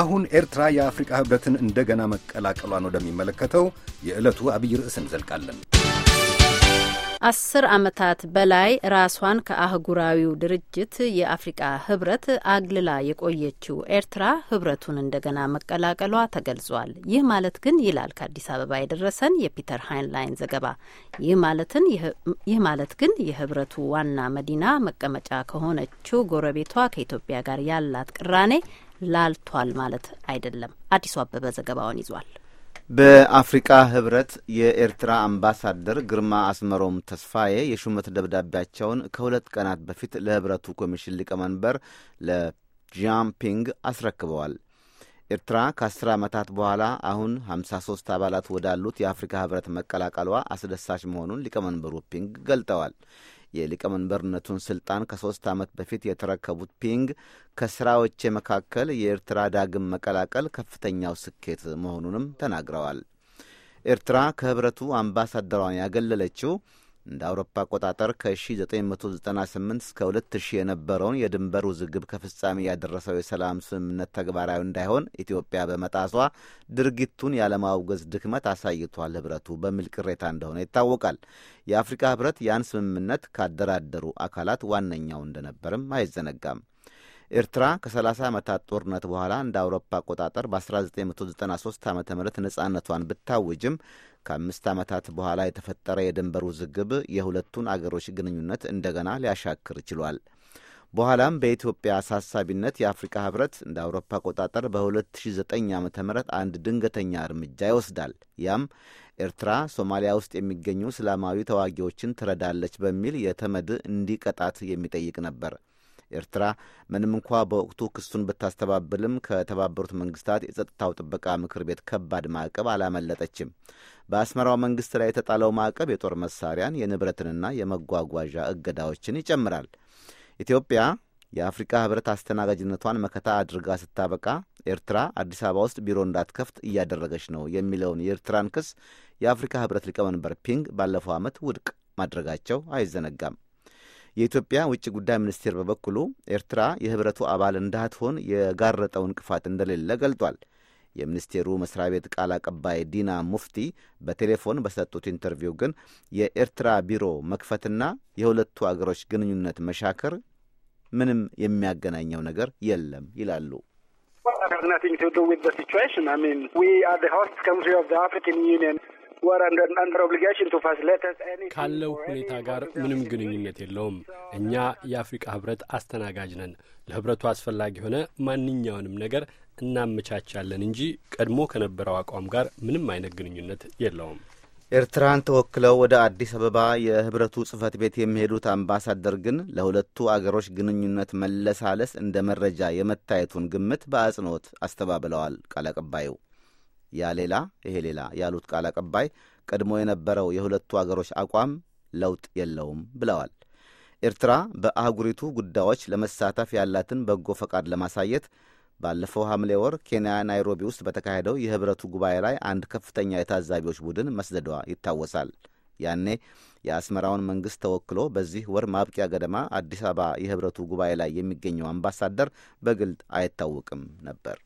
አሁን ኤርትራ የአፍሪቃ ህብረትን እንደገና መቀላቀሏን ወደሚመለከተው የዕለቱ አብይ ርዕስ እንዘልቃለን። አስር ዓመታት በላይ ራሷን ከአህጉራዊው ድርጅት የአፍሪቃ ህብረት አግልላ የቆየችው ኤርትራ ህብረቱን እንደገና መቀላቀሏ ተገልጿል። ይህ ማለት ግን ይላል ከአዲስ አበባ የደረሰን የፒተር ሃይንላይን ዘገባ፣ ይህ ማለት ግን የህብረቱ ዋና መዲና መቀመጫ ከሆነችው ጎረቤቷ ከኢትዮጵያ ጋር ያላት ቅራኔ ላልቷል ማለት አይደለም። አዲሱ አበበ ዘገባውን ይዟል። በአፍሪቃ ህብረት የኤርትራ አምባሳደር ግርማ አስመሮም ተስፋዬ የሹመት ደብዳቤያቸውን ከሁለት ቀናት በፊት ለህብረቱ ኮሚሽን ሊቀመንበር ለጂያንፒንግ አስረክበዋል። ኤርትራ ከአስር ዓመታት በኋላ አሁን 53 አባላት ወዳሉት የአፍሪካ ህብረት መቀላቀሏ አስደሳች መሆኑን ሊቀመንበሩ ፒንግ ገልጠዋል። የሊቀመንበርነቱን ስልጣን ከሶስት ዓመት በፊት የተረከቡት ፒንግ ከስራዎቼ መካከል የኤርትራ ዳግም መቀላቀል ከፍተኛው ስኬት መሆኑንም ተናግረዋል። ኤርትራ ከህብረቱ አምባሳደሯን ያገለለችው እንደ አውሮፓ አቆጣጠር ከ1998 እስከ 2000 የነበረውን የድንበር ውዝግብ ከፍጻሜ ያደረሰው የሰላም ስምምነት ተግባራዊ እንዳይሆን ኢትዮጵያ በመጣሷ ድርጊቱን ያለማውገዝ ድክመት አሳይቷል ህብረቱ በሚል ቅሬታ እንደሆነ ይታወቃል። የአፍሪካ ህብረት ያን ስምምነት ካደራደሩ አካላት ዋነኛው እንደነበርም አይዘነጋም። ኤርትራ ከ30 ዓመታት ጦርነት በኋላ እንደ አውሮፓ አቆጣጠር በ1993 ዓ ም ነጻነቷን ብታውጅም ከአምስት ዓመታት በኋላ የተፈጠረ የድንበር ውዝግብ የሁለቱን አገሮች ግንኙነት እንደገና ሊያሻክር ችሏል። በኋላም በኢትዮጵያ አሳሳቢነት የአፍሪካ ህብረት እንደ አውሮፓ አቆጣጠር በ2009 ዓ ም አንድ ድንገተኛ እርምጃ ይወስዳል። ያም ኤርትራ ሶማሊያ ውስጥ የሚገኙ እስላማዊ ተዋጊዎችን ትረዳለች በሚል የተመድ እንዲቀጣት የሚጠይቅ ነበር። ኤርትራ ምንም እንኳ በወቅቱ ክሱን ብታስተባብልም ከተባበሩት መንግስታት የጸጥታው ጥበቃ ምክር ቤት ከባድ ማዕቀብ አላመለጠችም። በአስመራው መንግስት ላይ የተጣለው ማዕቀብ የጦር መሳሪያን የንብረትንና የመጓጓዣ እገዳዎችን ይጨምራል። ኢትዮጵያ የአፍሪካ ህብረት አስተናጋጅነቷን መከታ አድርጋ ስታበቃ ኤርትራ አዲስ አበባ ውስጥ ቢሮ እንዳትከፍት እያደረገች ነው የሚለውን የኤርትራን ክስ የአፍሪካ ህብረት ሊቀመንበር ፒንግ ባለፈው ዓመት ውድቅ ማድረጋቸው አይዘነጋም። የኢትዮጵያ ውጭ ጉዳይ ሚኒስቴር በበኩሉ ኤርትራ የህብረቱ አባል እንዳትሆን የጋረጠው እንቅፋት እንደሌለ ገልጧል። የሚኒስቴሩ መስሪያ ቤት ቃል አቀባይ ዲና ሙፍቲ በቴሌፎን በሰጡት ኢንተርቪው ግን የኤርትራ ቢሮ መክፈትና የሁለቱ አገሮች ግንኙነት መሻከር ምንም የሚያገናኘው ነገር የለም ይላሉ። ካለው ሁኔታ ጋር ምንም ግንኙነት የለውም። እኛ የአፍሪቃ ህብረት አስተናጋጅ ነን። ለህብረቱ አስፈላጊ የሆነ ማንኛውንም ነገር እናመቻቻለን እንጂ ቀድሞ ከነበረው አቋም ጋር ምንም አይነት ግንኙነት የለውም። ኤርትራን ተወክለው ወደ አዲስ አበባ የህብረቱ ጽህፈት ቤት የሚሄዱት አምባሳደር ግን ለሁለቱ አገሮች ግንኙነት መለሳለስ እንደ መረጃ የመታየቱን ግምት በአጽንኦት አስተባብለዋል ቃል አቀባዩ ያ ሌላ ይሄ ሌላ ያሉት ቃል አቀባይ ቀድሞ የነበረው የሁለቱ አገሮች አቋም ለውጥ የለውም ብለዋል። ኤርትራ በአህጉሪቱ ጉዳዮች ለመሳተፍ ያላትን በጎ ፈቃድ ለማሳየት ባለፈው ሐምሌ ወር ኬንያ ናይሮቢ ውስጥ በተካሄደው የህብረቱ ጉባኤ ላይ አንድ ከፍተኛ የታዛቢዎች ቡድን መስደዷ ይታወሳል። ያኔ የአስመራውን መንግሥት ተወክሎ በዚህ ወር ማብቂያ ገደማ አዲስ አበባ የህብረቱ ጉባኤ ላይ የሚገኘው አምባሳደር በግልጥ አይታወቅም ነበር።